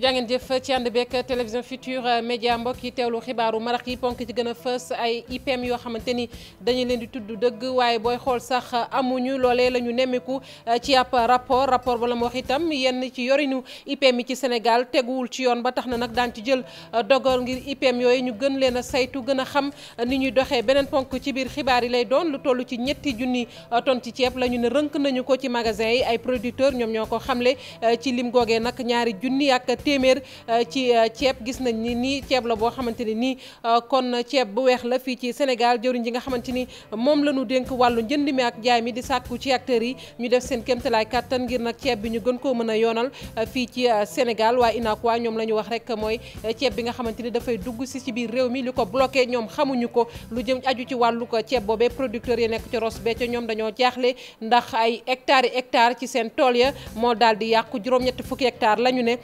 jàngeen jëf ci ànd beeg télévision Futur Média mbokk yi teewlu xibaaru marax yi ponk ci gën a fës ay IPM yoo xamante ni dañu leen di tudd dëgg waaye booy xool sax amuñu loolee la ñu nemmeeku eh, ci ab rapport rapport ba la mu wax itam yenn ci yorinu IPM yi ci Sénégal teguwul ci yoon ba tax na nag daan ci jël eh, dogal ngir IPM yooyu ñu gën leen a saytu gën a xam eh, ni ñuy doxee beneen ponk ci biir xibaar yi lay doon lu toll ci ñetti junni ton ci ceeb la ñu ne rënk nañu ko ci magasin yi ay producteurs ñoom ñoo ko xamle ci lim googee nag ñaari junni ak téeméer euh, ci euh, ceeb gis nañ ni nii ceeb la boo xamante ne nii euh, kon ceeb bu weex la fii ci Sénégal jëriñ ji nga xamante ni moom la ñu dénk wàllu njënd mi ak jaay mi di sàkku ci acteurs yi ñu def seen kéemtalaay kàttan ngir nag ceeb bi ñu gën koo mën a yoonal fii ci Sénégal waa UNACOIS ñoom la ñu wax rek mooy ceeb bi nga xamante ni dafay dugg si ci biir réew mi li ko bloqué ñoom xamuñu ko lu jëm aju ci wàllu ko ceeb boobee producteurs yi nekk ci bee ca ñoom dañoo jaaxle ndax ay hectares hectares ci seen tool ya moo daal di yàqu juróom fukki hectares la ñu ne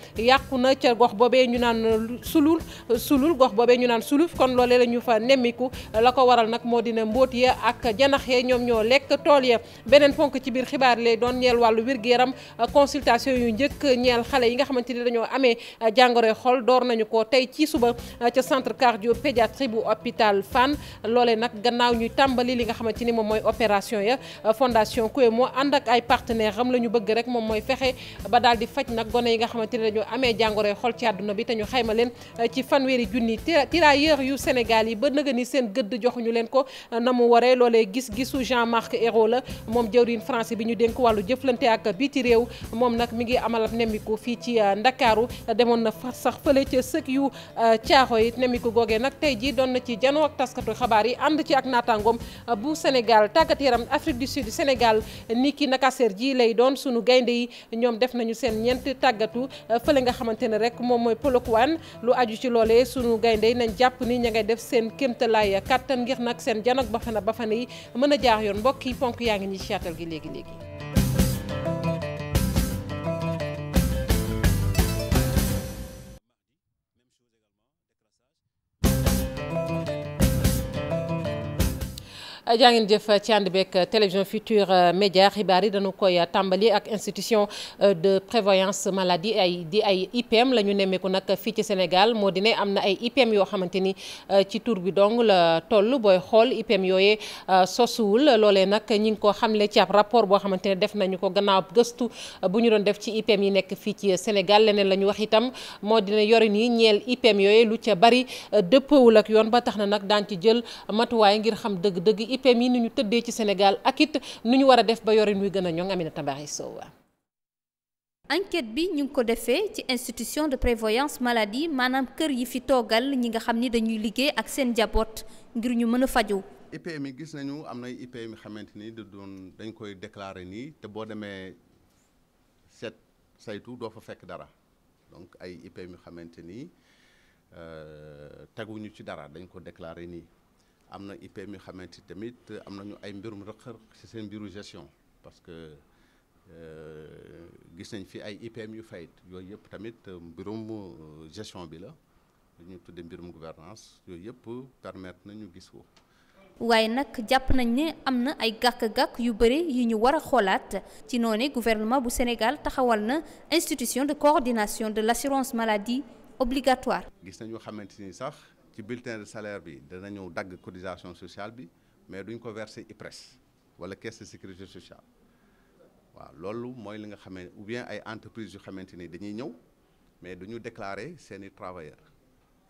sàkku na ca gox boobee ñu naan sulul sulul gox boobee ñu naan suluf kon loole la ñu fa nemmiku la ko waral nag moo dina mbóot ya ak janax ya ñoom ñoo lekk tool ya beneen fonk ci biir xibaar lay doon ñeel wàllu wér-gu-yaram consultation yu njëkk ñeel xale yi nga xamante ni dañoo amee jàngoroy xol door nañu ko tey ci suba ca centre cardiopédiatrie bu hôpital Fann loole nag gannaaw ñuy tàmbali li nga xamante ni moom mooy opération ya fondation Koué moo ànd ak ay partenaires am la ñu bëgg rek moom mooy fexe ba daal di jàngoroy xol ci àdduna bi te ñu xayma leen eh, ci fanweeri junni tirailleurs yu Sénégal yi ba nëga ni seen gëdd ñu leen ko eh, na mu waree loolee gis-gisu Jean-Marc Ayrault la moom jëwriñ français bi ñu dénk wàllu jëflante ak biti réew moom nag mi ngi amal ab nemmiku fii ci eh, Ndakaaru demoon na sax fële ca sëkk yu caaxo yi nemmiku googee nag tey jii doon na ci janoo ak taskatu xabaar yi ànd ci ak naataangoom bu Sénégal tàggat yaram Afrique du Sud Sénégal ni ki nakaseer ji lay doon sunu gaynde yi ñoom def nañu seen ñeent tàggatu xamante ne rek moom mooy polokuwaan lu aju ci loole sunu gaynde nañ jàpp ni ña ngay def seen kéemtalaay kattan ngir nag seen janog ba fana ba fana yi mën a jaar yoon mbokk yi ponk yaa ngi ñi ci yaatal gi léegi léegi jaa ngeen jëf ci ànd beeg télévision Futur euh, Média xibaar yi dañu koy euh, tàmbali ak institution euh, de prévoyance maladie ay di ay IPM la ñu nemmeeku nag fii ci Sénégal moo di ne am na ay IPM yoo xamante ni ci tur bi dong la toll booy xool IPM yooyee sosuwul loolee nag ñi ngi ko xamle ci ab rapport boo xamante ne def nañu ko gannaaw gëstu bu ñu doon def ci IPM yi nekk fii ci Sénégal leneen la ñu wax itam moo di ne yorin yi ñeel IPM yooyee lu ca bari dëppawul ak yoon ba tax na nag daan ci jël matuwaay ngir xam dëgg-dëgg IPM yi ni ñu tëddee ci Sénégal ak it ñu war a def ba yorin wi gën a ñoŋ Aminata Mbaye Sow enquête bi ñu ngi ko defee ci institution de prévoyance maladie maanaam kër yi fi toogal ñi nga xam ni dañuy liggéey ak seen njaboot ngir ñu mën a faju IPM yi gis nañu am na IPM yi xamante ni da doon dañ koy déclarer nii te boo demee seet saytu doo fa fekk dara donc ay IPM yu xamante ni euh, teguñu ci dara dañ ko déclarer nii am na IPM yu xamante tamit am nañu ay mbirum rëq-rëq ci seen mbiru gestion parce que euh, gis nañ fi ay IPM yu fayit yooyu yëpp tamit euh, mbirum euh, gestion bi la ñu tudde mbirum gouvernance yooyu yëpp permettre nañu gis ko waaye nag jàpp nañ ni am na ay gàkk-gàkk yu bëri yi ñu war a xoolaat ci noonu gouvernement bu Sénégal taxawal na institution de coordination de l'assurance maladie obligatoire gis nañu xamante ni sax ci bulletin de salaire bi danañu dagg cotisation sociale bi mais duñ ko verser IPRES wala caisse de sécurité sociale waaw loolu mooy li nga xamee ou bien ay entreprises yu xamante ni dañuy ñëw mais duñu déclarer seeni travailleurs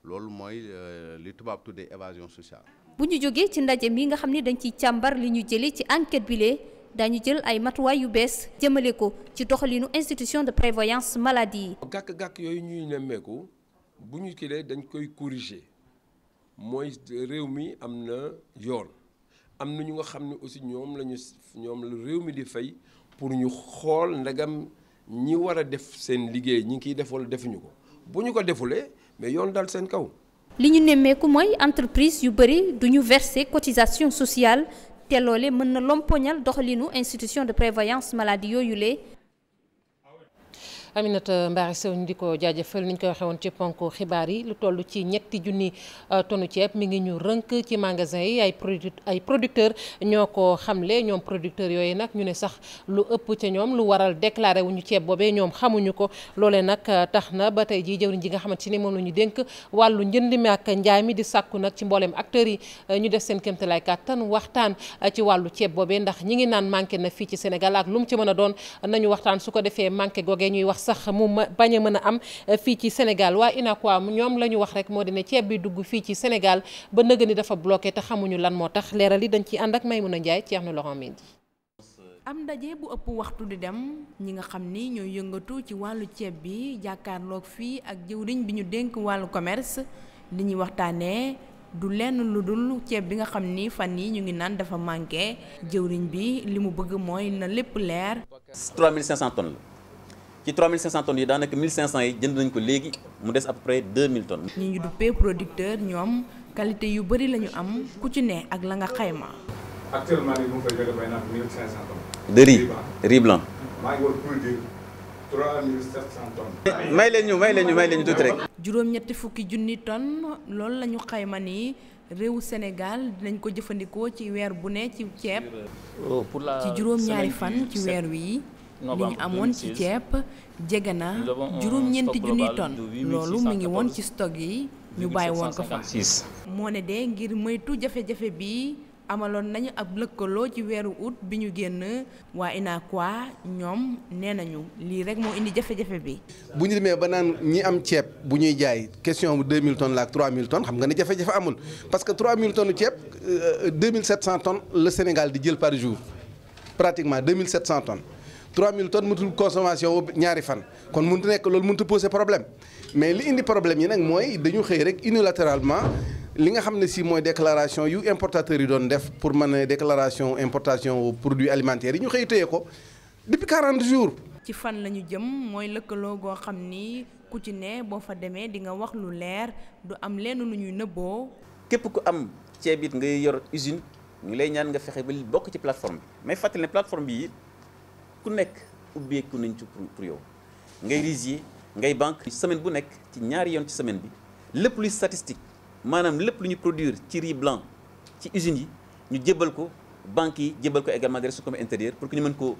loolu mooy euh, li tubaab tuddee évasion sociale. bu ñu jógee ci ndaje mi nga xam ni dañ ciy càmbar li ñu jëlee ci enquête bi lee daañu jël ay matuwaay yu bees jëmale ko ci doxalinu institution de prévoyance maladie yi. gàkk-gàkk yooyu ñuy nemmeeku bu ñu kilee dañ koy corriger. mooy réew mi am na yoon am na ñu nga xam ne aussi ñoom la ñu ñoom la réew mi di fay pour ñu xool ndagam ñi war a def seen liggéey ñi ngi kiy def defuñu ko bu ñu ko defulee mais yoon dal seen kaw. li ñu nemmeeku mooy entreprise yu bëri du ñu verser cotisation sociale te loole mën na lompoñal doxalinu institution de prévoyance maladie yooyu lee Aminata Mbaari Sow ñu di ko jaajëfal ni ñu koy waxee woon ci ponk xibaar yi lu toll ci ñetti junni euh, tonu ceeb mi ngi ñu rënk ci magasin yi ay produ ay producteurs ñoo ko xamle ñoom producteurs yooyu nag ñu ne sax lu ëpp ca ñoom lu waral déclaré wuñu ceeb boobee ñoom xamuñu ko loolee nag euh, tax na ba tey jii jëwriñ ji nga xamante ni moom la dénk wàllu njënd mi ak njaay mi di sàkku nag ci mbooleem acteur yi euh, ñu def seen kéemtalaay kàttan waxtaan ci wàllu ceeb boobee ndax ñi ngi naan manqué na fii ci Sénégal ci mën a doon sax mu ma bañ a mën a am eh, fii ci Sénégal waa mu ñoom la ñu wax rek moo di ne ceeb bi dugg fii ci Sénégal ba nëgë ni dafa bloqué te xamuñu lan moo tax leeral yi dañ ciy ànd ak Maymouna Ndiaye Thierno Laurent Mendy am ndaje bu ëpp waxtu di dem ñi nga xam ni ñooy yëngatu ci wàllu ceeb bi jàkkaarloog fii ak jëwriñ bi ñu dénk wàllu commerce li ñuy waxtaanee du lenn lu dul ceeb bi nga xam ni fan yi ñu ngi naan dafa manqué jëwriñ bi li mu bëgg mooy na lépp leer. 3500 tonnes la. ci 3500 tonnes yi daanaka 1500 yi jënd nañ ko léegi mu des à peu près 2000 tonnes. ñi ñu duppee producteur ñoom qualité yu bëri lañu am ku ci ne ak la nga xayma. actuellement nii mu de riz may leen ñu may leen ñu may leen rek. juróom-ñetti fukki junni tonnes loolu la ñu xayma nii. réewu senegal dinañ ko jëfandikoo ci weer bu ne ci ceeb. Oh, ci juróom-ñaari fan ci weer wi li ñu amoon ci ceeb jege na juróom-ñeenti junniy tonnes loolu mu ngi woon ci stock yi ñu bàyyi woon ko fa. moo ne de ngir moytu jafe-jafe bi amaloon nañu ab lëkkaloo ci weeru août bi ñu génn waa UNACOIS ñoom nee nañu lii rek moo indi jafe-jafe bi. bu ñu demee ba naan ñi am ceeb bu ñuy jaay question bu 2000 tonnes la ak ton tonnes xam nga ne jafe-jafe amul parce que 3000 tonnes ceeb 2700 euh, tonnes le Sénégal di jël par jour pratiquement 2700 tonnes. 3000 tonnes mënatul consommation wu ñaari fan kon mënut nekk loolu mënut a poser problème mais li indi problème yi nag mooy dañu xëy rek unilatéralement li nga xam ne si mooy déclaration yu importateurs yi doon def pour mën a déclaration importation produits alimentaires yi ñu xëy téye ko depuis 40 jours. ci fan la ñu jëm mooy lëkkaloo goo xam ni ku ci ne boo fa demee di nga wax lu leer du am lenn lu ñuy nëbboo. képp ku am ceeb it ngay yor usine ñu lay ñaan nga fexe ba bokk ci plateforme ku nekk ubbeeku nañ ci pour yow ngay risier ngay banque semaine bu nekk ci ñaari yoon ci semaine bi lépp luy statistique maanaam lépp lu ñu produire ci riz ci usines yi ñu jébbal ko banques yi jébbal ko également des ressources comme intérieur pour que ñu mën ko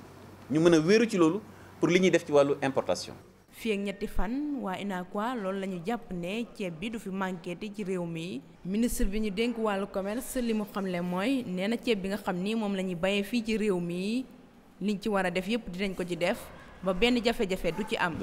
ñu mën a wéeru ci loolu pour li ñuy def ci wàllu importation fii ñetti fan waa UNACOIS loolu la ñu jàpp ne ceeb bi du fi manqué te ci réew mii ministre bi ñu dénk wàllu commerce li mu xamle mooy nee na bi nga xam ni moom la ñuy bayee fii ci mi liñ ci war a def yëpp dinañ ko ci def ba benn jafe-jafe du ci am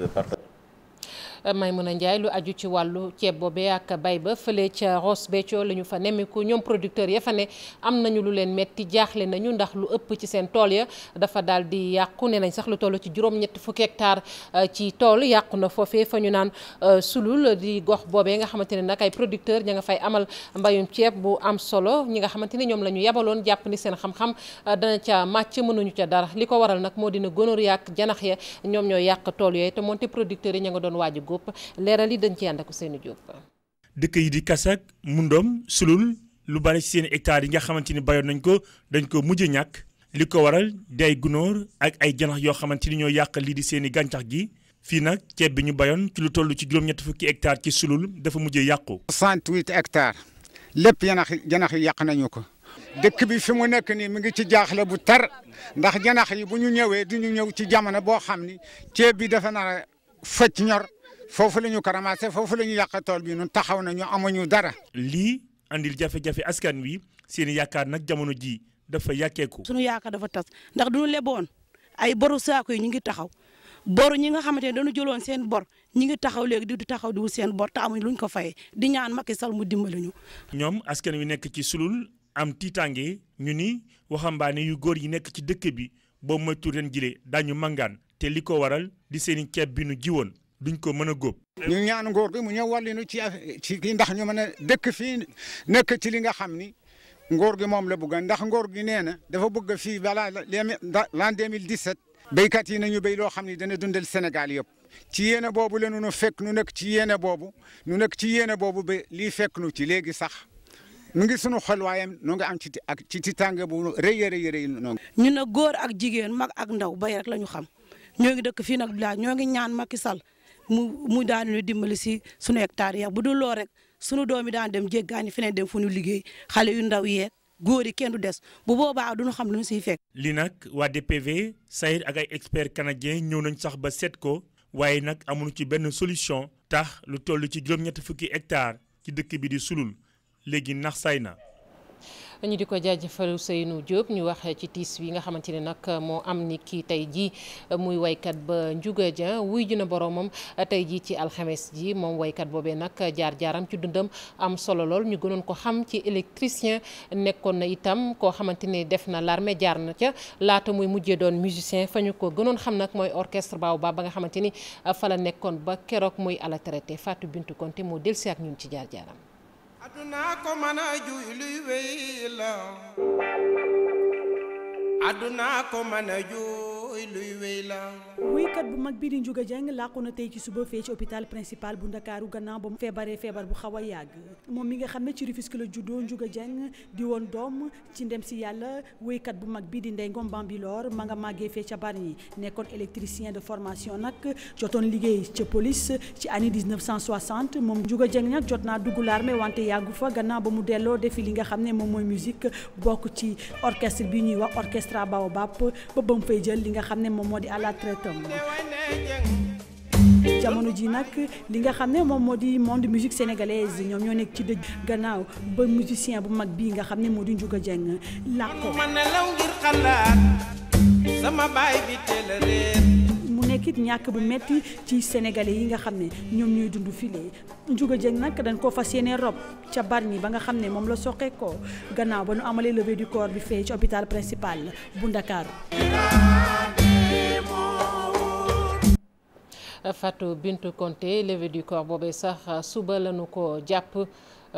a Ndiaye lu aju ci wàllu ceeb boobee ak bay ba fële ca Ross Béthio la ñu fa nemmiku ñoom producteur ya fa ne am nañu lu leen metti jaaxle nañu ndax lu ëpp ci seen tool ya dafa daal di yàqu ne nañ sax lu toll ci juróom-ñetti fukki hectare euh, ci tool yàqu na foofee fa ñu naan euh, sulul di gox boobee nga xamante ne nag ay producteurs ña nga fay amal mbayum ceeb bu am solo ñi nga xamante ni ñoom la ñu yabaloon jàpp ni seen xam-xam euh, dana ca màcc mënuñu ca dara li ko waral nag moo dina gónóor yàq janax ya ñoom ñooy yàq tool yooyu te moonte producteurs yi ña nga doon waaju Diop leeral yi dañ ci ànd ak Ousseynou Diop. dëkk yi di Kasak Mundom Sulul lu bari ci seen hectares yi nga xamante ni bayoon nañ ko dañ ko mujj ñàkk. li ko waral di ay gunóor ak ay janax yoo xamante ni ñoo yàq lii di seeni gàncax gi fii nag ceeb bi ñu bayoon ci lu toll ci juróom-ñetti fukki ectare ci Sulul dafa mujjee yàqu. 68 hectares lépp janax janax yi yàq nañu ko. dëkk bi fi mu nekk nii mu ngi ci jaaxle bu tar ndax janax yi bu ñu ñëwee du ñëw ci jamono boo xam ni ceeb bi dafa nar fëcc ñor foofu la ñu ko foofu la ñu yàq tool bi ñun taxaw na ñu amuñu dara. lii andil jafe-jafe askan wi seen yaakaar nag jamono ji dafa yàkkeeku. sunu yaakaar dafa tas ndax du ñu leboon ay boru saako yi ñu ngi taxaw boru ñi nga xamante ne dañu jëloon seen bor ñi ngi taxaw léegi di taxaw di wut seen bor te lu ñu ko fayee di ñaan Macky sal mu dimbali ñu. ñoom askan wi nekk ci sulul am tiitaange ñu ni waxambaane yu góor yi nekk ci dëkk bi boo moytu ren jile daañu màngaan te li ko waral di seeni ceeb bi nu jiwoon duñ ko mën a góob. ñu ñaan ngóor gi mu ñëw wàllinu ci ci kii ndax ñu mën a dëkk fii nekk ci li nga xam ni ngóor gi moom la bëgg ndax ngoor gi nee na dafa bëgg fii balaa l'an 2017 béykat yi nañu béy loo xam ni dana dundal Sénégal yëpp ci yéene boobu la nu fekk nu nekk ci yéene boobu nu nekk ci yéene boobu ba lii fekk nu ci léegi sax mu ngi sunu xol waaye nu nga am ci ak ci ci tànge bu rëy a rëy rëy noonu. ñu ne góor ak jigéen mag ak ndaw bay rek la ñu xam ñoo ngi dëkk fii nag village ñoo ngi ñaan Macky Sall mu mu daan ñu dimbali si sunu hectare ya bu dul loo sunu doom yi daan dem jéggaani feneen dem fu ñu liggéey xale yu ndaw yee góor yi kenn du des bu boobaa du ñu xam lu ñu siy fekk. li nag waa DPV Saïd ak ay experts canadiens ñëw nañ sax ba seet ko waaye nag amul ci benn solution tax lu toll ci juróom-ñetti fukki hectare ci dëkk bi di sulul léegi nax say na. ñu di ko jaajëfal Ousseynou Diop ñu wax ci tiis wi nga xamante ne nag moo am ni kii tey jii muy woykat ba Ndiouga Dia wuy ju na boromam tey jii ci alxames ji moom waykat boobee nag jaar-jaaram ci dundam am solo lool ñu gënoon ko xam ci électricien nekkoon na itam koo xamante ni def na l'armée jaar na ca laata muy mujjee doon musicien fa ñu ko gënoon xam nag mooy orchestre Baobab ba nga xamante ni fa la nekkoon ba keroog muy à la retraite Fatou Bintou Konté moo delsi ak ci jaar-jaaram addunaa ko mana a juy luy wéy la addunaa ko mën a woy luy wéy la wuykat bu mag bii di Ndiouga Dieng làqu na tey ci suba fee ci hôpital principal bu Ndakaaru gannaaw ba mu feebaree feebar bu xaw a yàgg moom mi nga xam ne ci Rufisque la juddoo Ndiouga Dieng di woon doom ci ndem si yàlla wuykat bu mag bi di Ndeye Ngom Bambilor ma nga màggee fee ca Bargny nekkoon électricien de formation nag jotoon liggéey ca police ci année 1960 moom Ndiouga Dieng nag jot naa dugg l'armée wante yàggu fa gannaaw ba mu delloo defi li nga xam ne moom mooy musique bokk ci orchestre bi ñuy wax orchestre Baobab ba ba xam ne moom moo di à la jamono ji nag li nga xam ne moom moo di monde musique sénégalaise ñoom ñoo nekk ci dëj gannaaw ba musicien bu mag bii nga xam ne moo di Ndiouga Dieng làkk ko sama baay bi teel a réer nekk it ñàkk bu metti ci sénégalais yi nga xam ne ñoom ñooy dund filee Ndiouga Dieng nag dañ koo fas yéene rob ca Bargny ba nga xam ne moom la soqee ko gannaaw ba nu amalee levée du corps bi fee ci hôpital principal bu Ndakaaru Fatou Bintou Konté levée du corps boobee sax suba lañu ko jàpp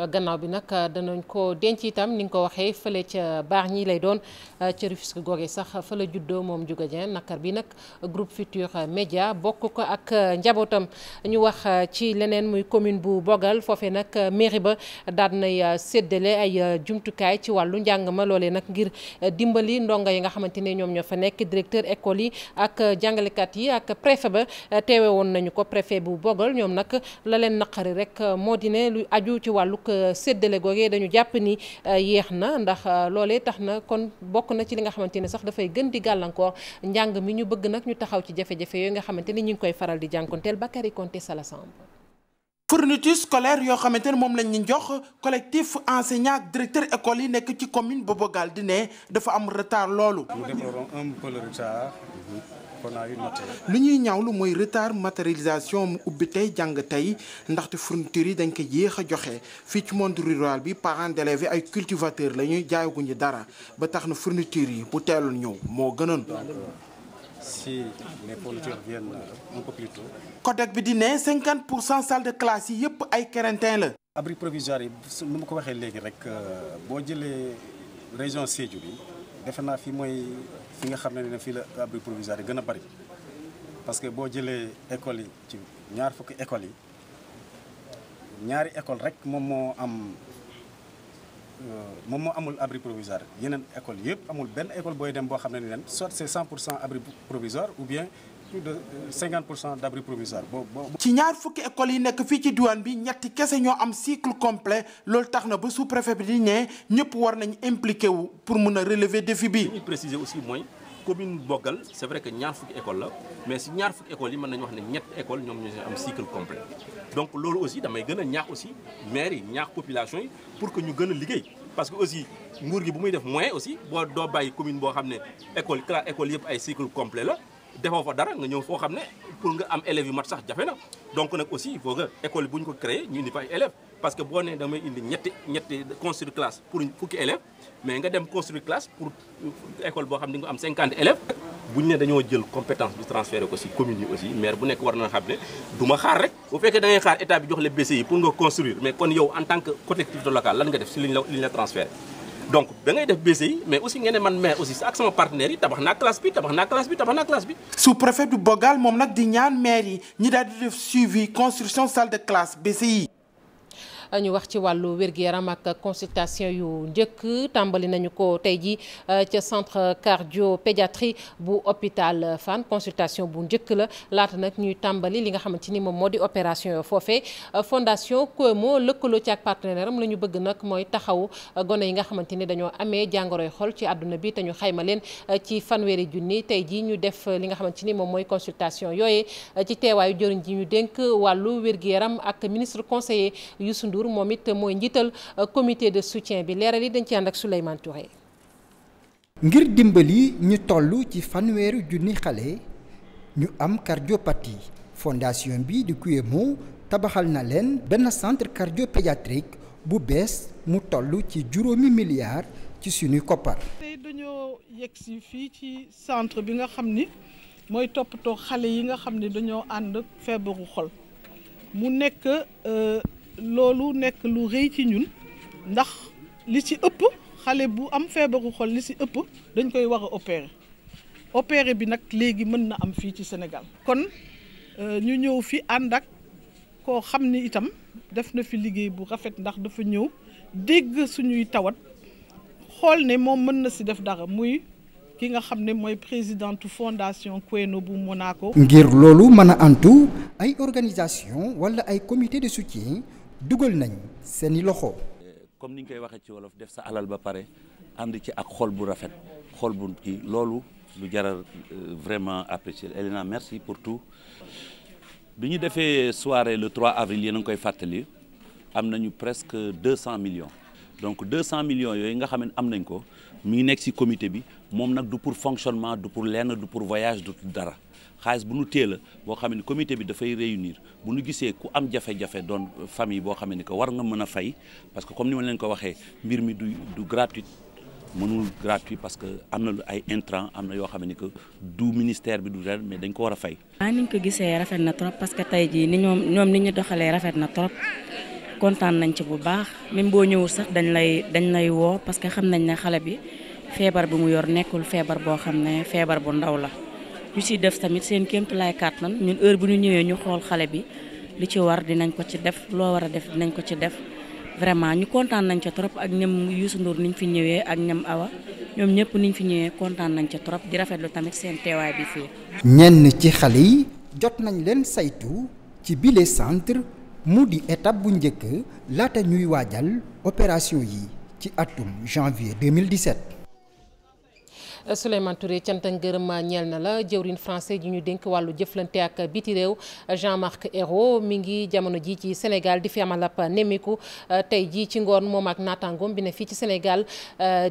gannaaw bi nag euh, danañ ko denc itam ni nga ko waxee fële ca baax ñi lay doon euh, ca Rufisque googee sax fa la moom Ndiouga Dieng nak bi nag groupe Futur Média bokk ko ak euh, njabootam ñu wax ci leneen muy commune bu Bogal foofee nag mairie ba daal nay séddale ay jumtukaay ci wàllu njàng ma nag ngir dimbali ndongo yi nga xamante ne ñoom ñoo fa nekk directeur école yi ak jàngalekat yi ak préfet ba teewe woon nañu ko préfet bu Bogal ñoom nag la naqari rek moo di lu aju ci wàllu séddale googee dañu jàpp ni euh, yéex na ndax euh, loolee tax na kon bokk na ci li nga xamante ni sax dafay gën di gàllankoor njàng mi ñu bëgg nag ñu taxaw ci jafe-jafe yooyu nga xamante ni ñu ngi koy faral di jànkonteel Bakary Konté Sala Samb fourniture scolaire yoo xamante ne moom lañ ñu jox collectif enseignant ak directeur école yi nekk ci commune Bobo Galdi ne dafa am retard loolu. li ñuy lu mooy retard matérialisation mu ubbi tey jàng tey ndaxte fourniture yi dañ ko yéex a joxe fii ci monde rural bi parents d'élèves ay cultivateur la ñuy jaayaguñu dara ba tax na fourniture yi bu teelul ñëw moo gënoon. Euh, si les fournitures viennent un peu plus tôt. CODEC bi di ne 50 pour cent salle de classe yi yëpp ay quarantaine la. abri provisoire yi nu ma ko waxee léegi rek euh, boo jëlee région Sédhiou bi defe naa fi mooy. fi nga xam ne ne fii la abri provisoire yi gën a bari parce que boo jëlee écoles yi ci ñaar fukki écoles yi ñaari école rek moom moo am euh, moom moo amul abri provisoire yeneen école yëpp amul benn école booy dem boo xam ne ne leen soit c'est 100 pour cent abri provisoire ou bien plus de 50 euh, pour cent d' abris provisoire boobu. ci ñaar fukki écoles yi nekk fii ci diwaan bi ñetti kese ñoo am cycle complet loolu tax na ba sous-préfet bi di ñee ñëpp war nañ impliqué wu pour mun a relever défi bi. li ñuy préciser aussi mooy commune Bogal c' est vrai que ñaar fukki école la mais si ñaar fukki écoles yi mën nañu wax ne ñett école ñoom ñoo am cycle complet donc loolu aussi damay gën ñaax aussi maire ñaax population yi pour que ñu gën a liggéey parce que aussi. nguur gi bu muy def moyen aussi boo doo bàyyi commune boo xam ne école classe école yëpp ay cycle complet la defoo fa dara nga ñëw foo xam ne pour nga am élèves yu mat sax jafe na donc nag aussi il faut que école bu ñu ko créé ñu indi fa ay élèves parce que boo nee damay indi ñetti ñetti construire classe pour fukki élèves mais nga dem construire classe pour école boo xam ne di nga am 50 élèves. bu ñu ne dañoo jël compétence bi transféré ko si commune yi aussi maire bu nekk war na xam ne du ma xaar rek. bu fekkee da xaar état bi jox la BCI pour nga construire mais kon yow en tant collectivité locale lan nga def si liñ la liñ donc da ngay def BCI mais aussi ngeen ne man maire aussi ak sama partenaire yi tabax na classe bi tabax naa classe bi tabax naa classe bi. sous préfet du Bogal moom nag di ñaan maire yi ñi daal di def suivi construction salle de classe BCI. ñu wax ci wàllu wér-gu-yaram ak consultation yu njëkk tàmbali nañu ko tey ji euh, ca centre cardiopédiatrie bu hôpital fan consultation bu njëkk la laata nag ñuy tàmbali li nga xamante ni moom moo di opération yoo foofee euh, fondation Cuomo lëkkaloo ci ak partenaire am la ñu bëgg nag mooy taxaw euh, gone yi nga xamante ni dañoo amee jàngoroy xol ci àdduna bi te ñu xayma leen ci fanweeri junni tey jii ñu def li nga xamante ni moom mooy consultation yooyee ci teewaayu jëriñ ji ñu dénk wàllu wér-gu-yaram ak ministre conseiller Youssou Ndour Ndour moom it mooy njiital euh, comité de soutien bi leeral yi dañ ci ànd ak Souleymane Touré. ngir dimbali ñu toll ci fanweeri junni xale ñu am cardiopathie fondation bi di Kuyemo tabaxal na leen benn centre cardiopédiatrique bu bees mu toll ci juróomi milliards ci suñuy koppar. tey dañoo yegg si fii ci centre bi nga xam ni mooy toppatoo xale yi nga xam ni dañoo ànd feebaru xol mu nekk euh, loolu nekk lu rëy ci ñun ndax li ci ëpp xale bu am feebaru xol li ci ëpp dañ koy war a opérer bi nag léegi mën na am fii ci Sénégal kon euh, ñu ñëw fi ànd ak koo xam ni itam def na fi liggéey bu rafet ndax dafa ñëw dégg suñuy tawat xool ne moom mën na si def dara muy ki nga xam ne mooy présidentu fondation Queno bu Monaco. ngir loolu mën a antu ay organisation walla ay comité de soutien. dugal nañ seeni loxo. comme ni ñu koy waxee ci wolof def sa alal ba pare ànd ci ak xol bu rafet xol bu kii loolu lu jaral euh, vraiment apprécier Elena merci pour tout. bi ñu defee soirée le 3 avril yéen a koy fàttali am nañu presque 200 millions donc 200 millions yooyu nga xam ne am nañ ko. mi ngi nekk si comité bi moom nag du pour fonctionnement du pour lenn du pour voyage du dara xaalis bu nu teel boo xam ne comité bi dafay réunir bu nu gisee ku am jafe-jafe doon famille boo xam ne que war nga mën a fay parce que comme ni ma leen ko waxee mbir mi du du gratuit mënul gratuit parce que am na lu ay intrant am na yoo xam ne que du ministère bi du dara mais dañ ko war a fay. maa ah, ni ñu ko gisee rafet na trop parce que tey jii ni ñoom ñoom ni na trop. kontaan nañ ci bu baax même boo ñëwul sax dañ lay dañ lay woo parce que xam nañ ne xale bi feebar bi mu yor nekkul feebar boo xam ne feebar bu ndaw la ñu si def tamit seen kéemtu laay kàttan ñun heure bu ñu ñëwee ñu xool xale bi lu ci war dinañ ko ci def loo war a def dinañ ko ci def vraiment ñu kontaan nañ ca trop ak ñam Youssou Ndour niñ fi ñëwee ak ñam Awa ñoom ñëpp niñ fi ñëwee kontaan nañ ca trop di rafetlu tamit seen teewaay bi fii. ñenn ci xale yi jot nañ leen saytu ci bile centre. mu di étape bu njëkk laata ñuy waajal opération yi ci atum janvier 2017 Euh, Souleymane Touré cant ak euh, ñeel na la jëwriñ français ji ñu dénk wàllu jëflante ak biti réew euh, Jean-Marc Ayrault mi ngi jamono ji ci Sénégal di fi amal ab nemmiku tey jii ci ngoon moom ak naataangoom bi ne fii ci Sénégal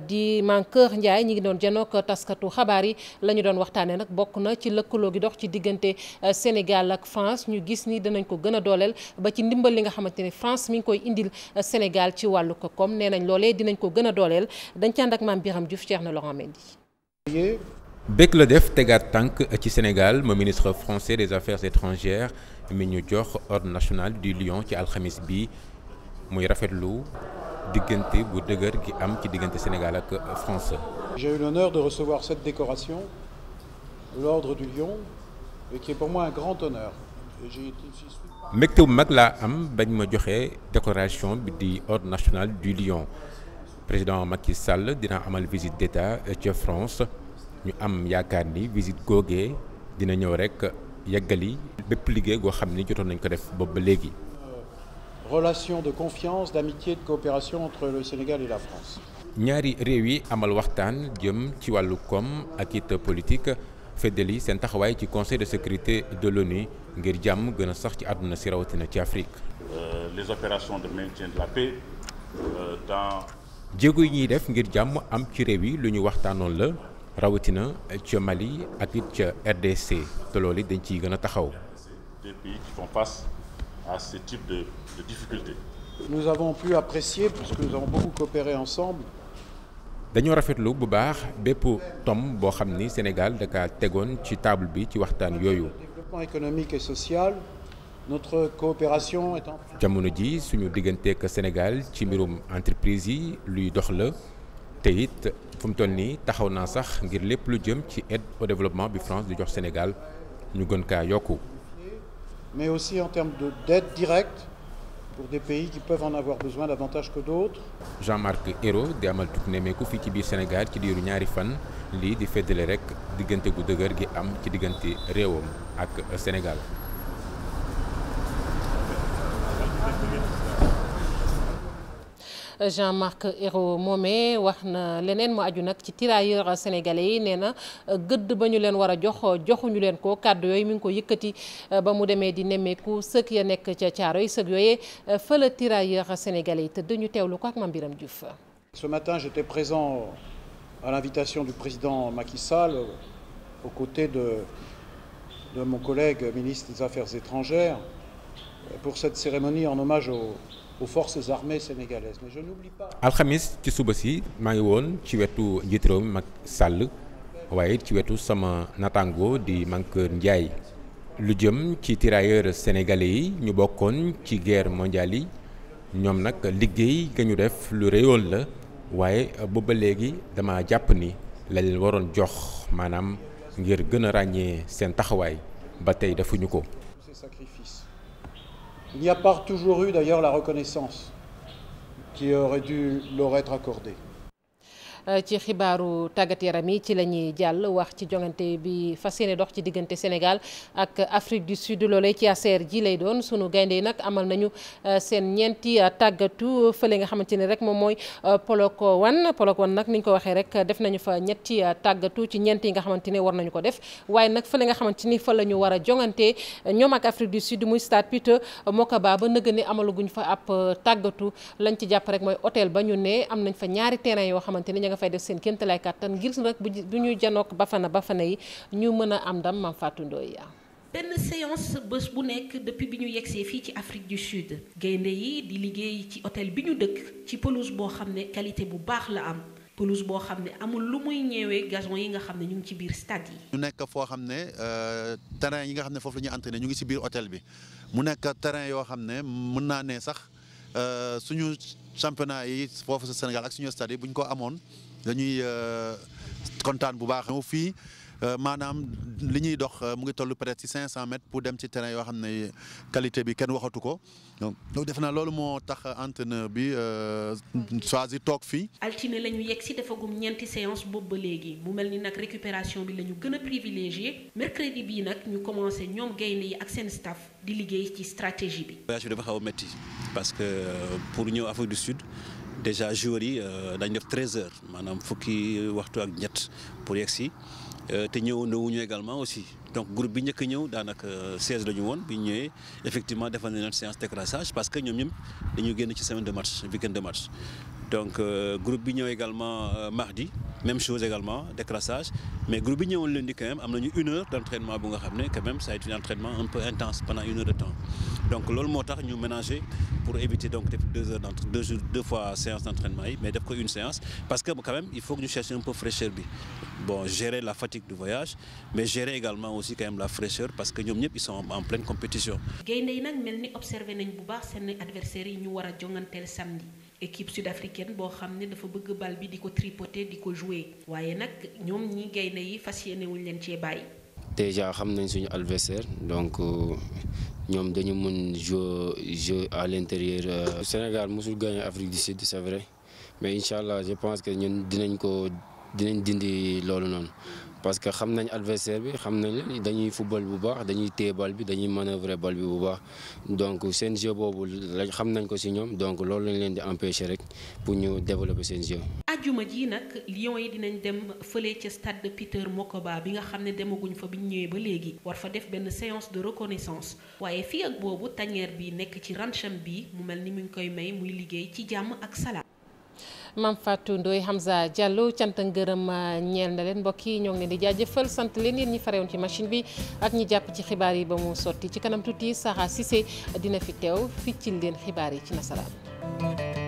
di Mankeur Ndiaye ñi ngi doon janook taskatu xabaar yi la ñu doon waxtaanee nag bokk na ci lëkkaloo gi dox ci diggante Sénégal ak France ñu gis ni danañ ko gën a dooleel ba ci ndimbal li nga xamante ne France mi ngi koy indil Sénégal ci wàllu ko koom nee nañ loolee dinañ ko gën a dooleel dañ ci ànd ak maam Biram Diouf Cheikh na Laurent Mendy bëgg la def tegaat tànk ci Sénégal moo ministre français des affaires étrangères mi ñu jox ordre national du Lion ci alxamis bi muy rafet lu diggante bu dëgër gi am ci diggante Sénégal ak France. J'ai eu l'honneur de recevoir cette décoration, l'ordre du Lion, et bu mag la am bañ ma joxe décoration di ordre national du Lion. président Macky Sall dina amal visite d'État euh, ca France ñu am yaakaar ni visite googee dina ñëw rek yeggali bépp liggéey goo xam ni jotoon nañ ko def bopp ba léegi. relation de confiance d'amitié de coopération entre le Sénégal et la France. ñaari réew yi amal waxtaan jëm ci wàllu koom ak it politique feddali seen taxawaay ci conseil de sécurité de l'ONU ngir jàmm gën a sax ci àdduna si rawatina ci Afrique. Euh, les opérations de maintien de la paix euh, jéego yi ñuy def ngir jàmm am ci réew yi lu ñu waxtaanoon la rawatina ca Mali ak it ca RDC te dañ ciy gën a taxaw. des pays qui nous avons pu apprécier parce que nous avons beaucoup coopéré ensemble. dañoo rafetlu bu baax bépp tom boo xam ni Sénégal da kaa tegoon ci table bi ci waxtaan yooyu. notre coopération jamono ji suñu digganteek Sénégal ci mbirum entreprise yi luy dox la te it fu mu toll nii taxaw naa sax ngir lépp lu jëm ci aide au développement bi France di jox Sénégal ñu gën kaa yokku. mais aussi en termes de d'aide directe pour des pays qui peuvent en avoir besoin davantage que d'autres. Jean-Marc Ayrault di amal tukki nemmeeku fii ci biir Sénégal ci diiru ñaari fan lii di feddale rek diggante gu dëgër gi am ci diggante réewam ak Sénégal. Jean-Marc Ayrault moomee wax na leneen mu aju nag ci tirailleurs sénégalais yi nee na gëdd ba ñu leen war a jox joxuñu leen ko kàddu yooyu mi ngi ko yëkkati ba mu demee di nemmeeku sëg ya nekk ca caaro yi sëg yooyu fële tirailleurs sénégalais yi tëdd ñu teewlu ko ak Mame Birame Diouf. Ce matin j'étais présent à l'invitation du président Macky Sall aux côtés de mon collègue ministre des Affaires étrangères pour cette cérémonie en hommage au aux forces armées sénégalaises mais je alxamis ci suba si maa ngi woon ci wetu njiit réew sàll waaye ci wetu sama natango di Mankeur Ndiaye lu jëm ci tirailleurs sénégalais yi ñu bokkoon ci guerre mondiale yi ñoom nag liggéey ga ñu def lu réyoon la waaye booba léegi dama jàpp ni lañ leen waroon jox maanaam ngir gën a ràññee seen taxawaay ba tey defuñu ko. Il n'y a pas toujours eu d'ailleurs la reconnaissance qui aurait dû leur être accordée. ci xibaaru tàggat yaram yi ci la ñuy jàll wax ci jongante bi fas yéene dox ci diggante Sénégal ak Afrique du Sud loolee ci ASER ji lay doon sunu gaynde yi nag amal nañu euh, seen ñeenti tàggatu fële nga xamante ne rek moom mooy euh, Polokwane Polokwane nag ni ñu ko waxee rek def nañu fa ñetti tàggatu ci ñeent yi nga xamante ne war nañu ko def waaye nag fële nga xamante ni fa la ñu war a jongante euh, ñoom ak Afrique du Sud muy stade Peter Mokaba ba nëgg ne amaluguñ fa ab tàggatu lañ ci jàpp rek mooy hôtel ba ñu ne am nañ fa ñaari terrain yoo xamante ni fay def seen kéemtalaay kàttan ngir rek bu ñu janook bafana bafana yi ñu mën a am ndam Mame Fatou Ndoye yaa benn séance bés bu nekk depuis bi ñu yegsee fii ci Afrique du Sud gaynde yi di liggéey ci hôtel bi ñu dëkk ci pelouse boo xam ne qualité bu baax la am pelouse boo xam ne amul lu muy ñëwee gazon yi nga xam ne ñu ngi ci biir stade yi. ñu nekk foo xam ne euh, terrain yi nga xam ne foofu la ñuy entraîné ñu ngi ci biir hôtel bi mu nekk terrain yoo xam ne mën naa ne sax euh, suñu. championnat yi foofu sa Sénégal ak suñu stade yi bu ñu ko amoon dañuy euh, kontaan bu baax. ñëw fii. Euh, maanaam li ñuy dox euh, mu ngi toll peut-être ci 500 mètres pour dem ci terrain yoo xam ne qualité bi kenn waxatu ko donc def naa loolu moo tax entraîneur bi euh, choisir toog fii. altine la ñu yegg si defagum ñeenti séance boobu ba léegi mu mel ni nag récupération bi la ñu gën a mercredi bii nag ñu commencé ñoom gaynde yi ak seen staff di liggéey ci stratégie bi. voyage bi dafa xaw a métti parce que pour ñëw Afrique du Sud. déjà joueurs yi dañ def 13 heures maanaam fukki waxtu ak ñett pour yegg si Euh, te ñëwoon wuñu également aussi donc groupe bi njëkk ñëw daanaka 16 euh, la ñu woon bi ñu ñëwee effectivement defal nañ leen séance d'écrasage parce que ñoom ñëpp dañu génn ci semaine de match weekend de match donc euh, groupe bi ñëw également euh, mardi même chose également décrassage mais groupe bi ñëwoon lundi quand même am nañu une heure d' bu nga xam ne quand même ça a été un entraînement un peu donc loolu moo tax ñu ménager pour éviter donc deux heures d'entre deux fois séance d' yi mais def ko une séance parce que quand il faut que ñu cherche un peu fraîcheur bi gérer la fatigue du voyage mais gérer également aussi quand la fraîcheur équipe sud-africaine boo xam ne dafa bëgg bal bi di ko tripoter di ko jouer waaye nag ñoom ñi gaynde yi fas yéenewuñ leen cee bàyyi. déjà xam nañ suñu adversaire donc euh, ñoom dañu mën jouer jeu à l'intérieur. Euh, Sénégal mosul gagné Afrique du Sud c'est vrai mais incha allah je pense que ñun dinañ ko dinañ dindi loolu noonu. parce que xam nañ adversaire bi xam nañ dañuy football bu baax dañuy téye bal bi dañuy manœuvrer bal bi bu baax donc seen jeu boobu lañ xam nañ ko ci ñoom donc loolu lañ leen di empêcher rek pour ñu développer seen jeu. ajuma ji nag Lions yi dinañ dem fële ca stade Peter Mokoba bi nga xam ne demaguñ fa buñ ñëwee ba léegi war fa def benn séance de reconnaissance waaye fii boobu tanière bi nekk ci rancham bi mu mel ni mu ngi koy may muy liggéey ci jàmm ak salaam. Mame Fatou Ndoye Hamza Diallo cant ngërëm ah, ñeel na leen mbokk yi ñoo ngi leen di jaajëfal sant leen ñi farewoon ci machine bi ak ñi jàpp ci xibaar yi ba mu sotti ci kanam tuuti Sara Cissé dina fi teew fii ci leen xibaar yi ci nasaraan.